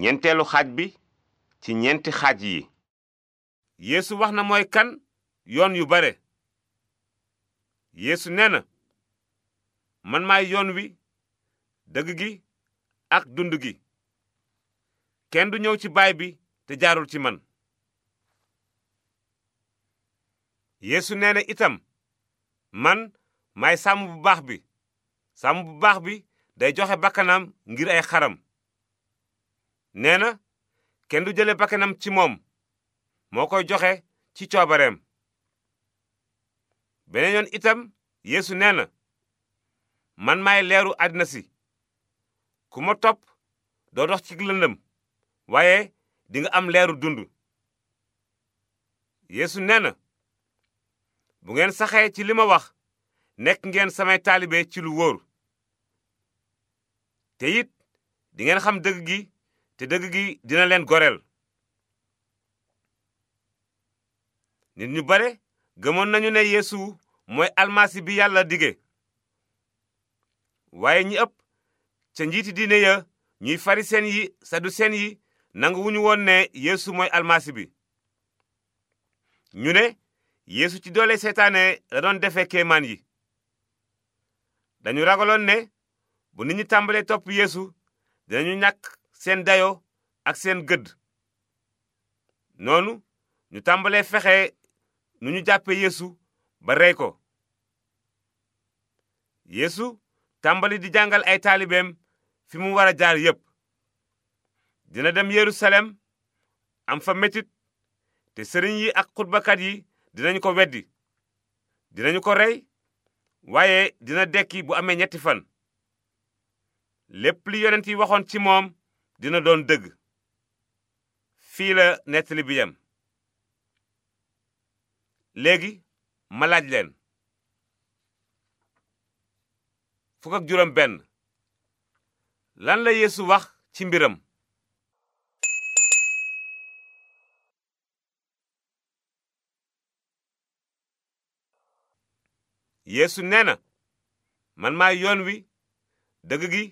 ñeenteelu xaaj bi ci ñeenti xaaj yi yéesu wax na mooy kan yoon yu bare yéesu nee na man maay yoon wi dëgg gi ak dund gi kenn du ñëw ci baay bi te jaarul ci man yéesu nee na itam man maay sàmm bu baax bi sàmm bu baax bi day joxe bakkanam ngir ay xaram nee na kenn du jële bakkanam ci moom moo koy joxe ci coobareem beneen yoon itam yéesu nee na man may leeru àddina si ku ma topp doo dox ci lëndëm waaye dinga am leeru dund yéesu nee na bu ngeen saxee ci li ma wax nekk ngeen samay taalibe ci lu wóor te it di ngeen xam dëgg gi te dëgg gi dina leen goreel nit ñu bare gëmoon nañu ne yéesu mooy almasi bi yàlla dige waaye ñi ëpp ca njiiti diine ya ñuy farisen yi sadusen yi nanguwuñu woon ne yéesu mooy almasi bi ñu ne yéesu ci doole seytaane la doon defe kéemaan yi dañu ragaloon ne bu nit ñu tàmbalee topp yeesu dinañu ñàkk seen dayo ak seen gëdd noonu ñu tàmbalee fexe nu ñu jàppe yeesu ba rey ko yéesu tàmbali di jàngal ay taalibeem fi mu war a jaar yépp dina dem yerusalem am fa metit te sëriñ yi ak xutbakat yi dinañu ko weddi dinañu ko rey waaye dina dekki bu amee ñetti fan lépp li yonent yi waxoon ci moom dina doon dégg fii la nettali bi yem léegi ma laaj leen fukk ak juróom benn lan la yéesu wax ci mbiram yéesu nee na man maay yoon wi dëgg gi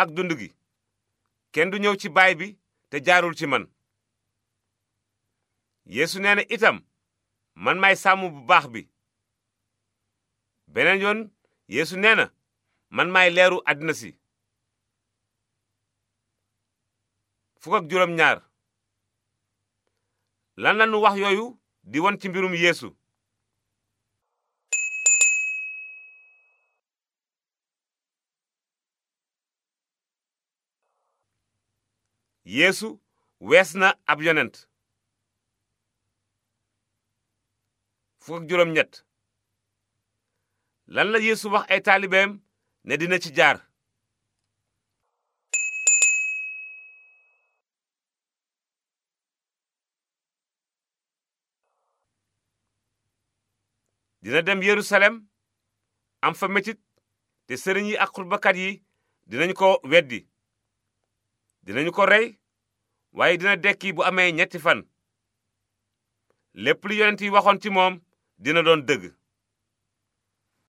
ak dund gi kenn du ñëw ci baay bi te jaarul ci man yéesu nee na itam man may sàmm bu baax bi beneen yoon yéesu nee na man may leeru àddina si fukk ak juróom ñaar lan lanu wax yooyu di won ci mbirum yéesu yéesu wees na ab yonent fukk ak juróom ñett lan la yéesu wax ay taalibeem ne dina ci jaar dina dem yerusalem am fa metit te sëriñ yi ak xutbakat yi dinañu ko weddi dinañu ko rey waaye dina dekki bu amee ñetti fan lépp lu yonent yi waxoon ci moom dina doon dëgg